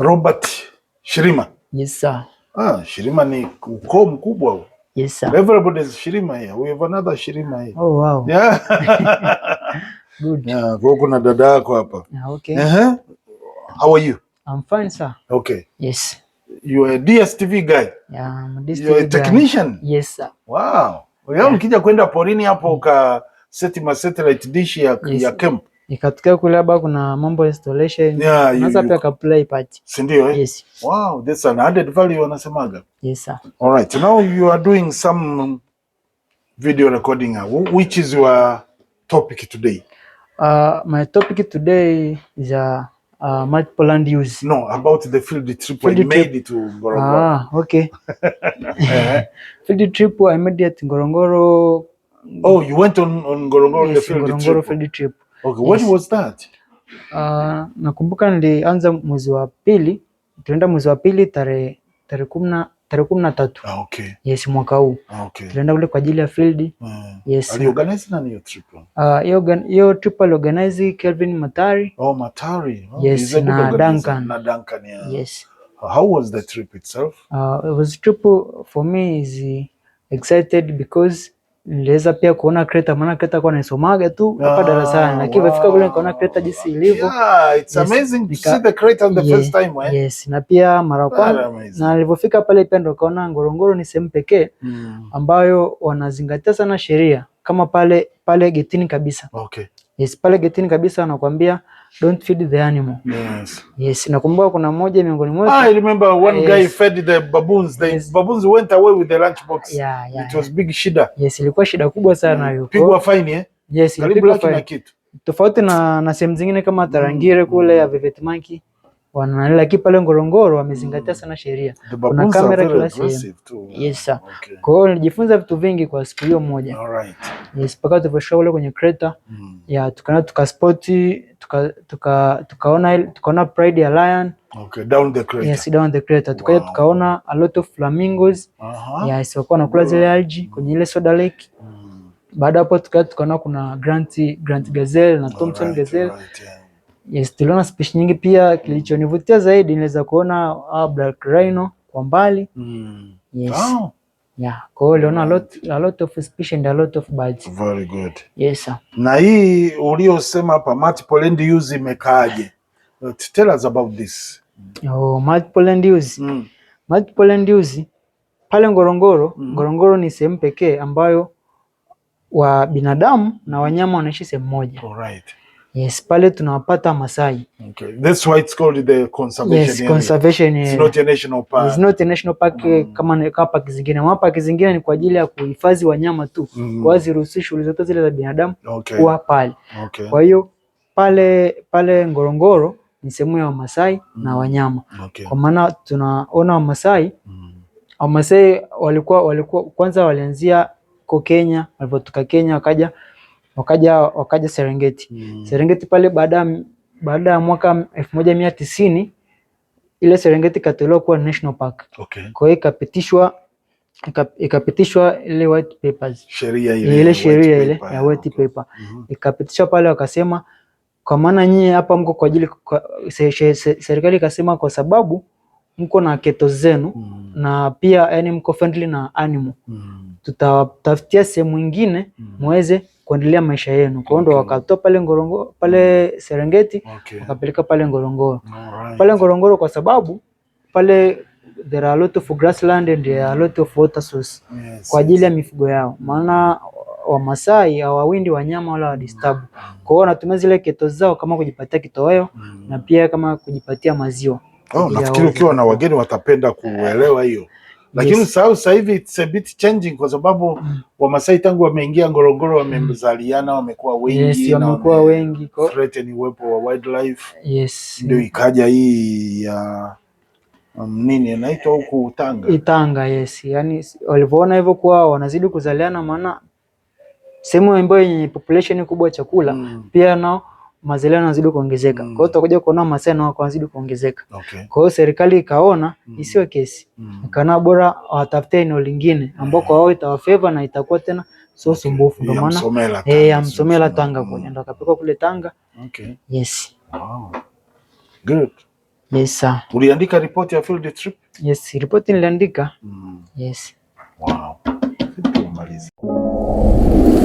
Robert Shirima. Yes sir. Ah, Shirima ni ukoo mkubwa huo. Yes sir. Everybody is Shirima here. We have another Shirima here. Oh wow. Yeah. Good. Yeah, kwa kuna dada yako hapa. Ah, okay. Uh -huh. How are you? I'm fine sir. Okay. Yes. You are a DSTV guy. Yeah, I'm a DSTV You are a technician. Guy. Yes sir. Wow. Wewe yeah. Mkija kwenda porini hapo uka seti ma satellite dish ya, yes. ya camp ni katika kule labda kuna mambo ya installation yeah, unaweza pia ka play part, si ndio? Eh, yes. Wow, that's an added value wanasemaga. Yes sir. All right, so now you are doing some video recording, uh, which is your topic today? Uh, my topic today is a uh, uh, multiple land use. No, about the field trip field I trip. made it to Ngorongoro. Ah, okay. Eh? field trip I made it to Ngorongoro. Oh, you went on on Ngorongoro yes, the field Ngorongoro trip. Field trip. Okay, yes. was that? Uh, nakumbuka nilianza mwezi wa pili, tulienda mwezi wa pili tarehe tarehe kumi na tarehe kumi na tatu. Ah, okay. Yes, mwaka huu. Ah, okay. Tulienda kule kwa ajili ya field. Mm. Yes. Ali organize nani hiyo trip? Ah, hiyo hiyo trip ali organize Kelvin Matari. Oh, Matari. Oh, yes, na Duncan. Na Duncan, yeah. Yes. How was the trip itself? Uh, it was trip for me is excited because niliweza pia kuona kreta maana kreta kwa naisomaga tu hapa ah, darasani, lakini nilipofika kule nikaona kreta jinsi ilivyo. It's amazing to see the the first time eh. Yes, na pia mara kwanza na nilipofika pale pia ndo kaona Ngorongoro ni sehemu pekee mm. ambayo wanazingatia sana sheria kama pale pale getini kabisa. Okay. Yes, pale getini kabisa wanakuambia Don't feed the animal. Yes. Yes. Nakumbuka kuna mmoja miongoni mwetu. Ah, I remember one yes. guy fed the baboons. The yes. baboons went away with the lunch box. Yeah, yeah, It was big shida. Yes, ilikuwa shida kubwa sana mm. hiyo. Pigwa fine eh? Yes, ilipigwa fine. Tofauti na na sehemu zingine kama Tarangire kule ya Vivet Monkey wanalala, lakini pale Ngorongoro wamezingatia mm. sana sheria, kuna kamera kila sehemu. Yes sir. Okay. Kwa hiyo nilijifunza vitu vingi kwa siku hiyo moja. All right. Yes, mpaka tulivyoshuka ule kwenye crater mm. ya tukaona tukaspoti tuka tuka tukaona tukaona pride ya lion. Okay, down the crater. Yes, down the crater. Tukaja tukaona a lot of flamingos. Uh -huh. Yes, walikuwa wanakula zile algae mm. kwenye ile soda lake. Mm. Baada hapo tukaja tukaona kuna Grant Grant gazelle na Thompson gazelle. Right, yeah. Yes, tuliona spishi nyingi pia. Kilichonivutia zaidi niweza kuona uh, black rhino kwa mbali mm. Yes. Wow. Yeah. Kwa hiyo uliona a lot, a lot of species and a lot of birds. Very good. Yes sir. Na hii uliosema hapa multiple land use imekaaje? Tell us about this. Oh, multiple land use. Mm. Multiple land use pale Ngorongoro mm. Ngorongoro ni sehemu pekee ambayo wa binadamu na wanyama wanaishi sehemu moja. All right. Yes, pale tunawapata Masai. Okay. That's why it's called the conservation yes, area. Conservation area. It's not a national park. It's not a national park mm. Kama ni kama park zingine. Park zingine ni kwa ajili ya kuhifadhi wanyama tu. Mm. Kwa ruhusi shughuli zote zile za binadamu okay. Kuwa pale. Okay. Kwa hiyo pale pale Ngorongoro ni sehemu ya Wamasai mm. na wanyama. Okay. Kwa maana tunaona Wamasai mm. Wamasai walikuwa walikuwa kwanza walianzia ko Kenya, walipotoka Kenya wakaja wakaja wakaja Serengeti mm. Serengeti pale baada baada ya mwaka elfu moja mia tisini ile Serengeti ikatolewa kuwa national park okay. Kwa hiyo ikapitishwa ikapitishwa ile white papers, sheria ile ile sheria ile ya white paper hmm. ikapitishwa pale, wakasema kwa maana nyinyi hapa mko kwa ajili se, se, se, serikali ikasema kwa sababu mko na keto zenu mm. na pia yani mko friendly na animal mm. tutawatafutia sehemu nyingine mm. muweze kuendelea maisha yenu. Kwa hiyo ndo wakatoa pale Ngorongoro, pale Serengeti okay. wakapeleka pale Ngorongoro right. pale Ngorongoro kwa sababu pale there are a lot of grassland and there are a lot of water source yes, kwa ajili ya mifugo yao, maana Wamasai hawawindi wanyama wala wadisturb. Mm, mm. Kwa hiyo wanatumia zile keto zao kama kujipatia kitoweo mm. na pia kama kujipatia maziwa. Oh, nafikiri ukiwa na wageni watapenda kuelewa hiyo lakini yes. Usahau sasa hivi it's a bit changing kwa sababu mm. Wamasai tangu wameingia Ngorongoro wamezaliana, wamekuwa wengi yes, wamekuwa wengi threaten uwepo wa wildlife yes. Ndio ikaja hii ya um, nini inaitwa huku Tanga Itanga yes, yani walivyoona hivyo kuwa wanazidi kuzaliana, maana sehemu ambayo yenye population kubwa chakula mm. pia nao mazeleo yanazidi kuongezeka. Mm. Kwa hiyo tutakuja kuona masaa nao wanazidi kuongezeka. Kwa hiyo serikali ikaona mm. isiwe kesi, mm. ikaona bora watafute eneo lingine ambako wao itawafavor na itakuwa tena sio sumbufu, ndio maana eh ya Msomela Tanga kule ndo akapelekwa kule Tanga. Okay. Yes. Wow. Good. Yes sir. Uliandika ripoti ya field trip? Yes, ripoti niliandika. Mm. Yes. Wow. Umaliza.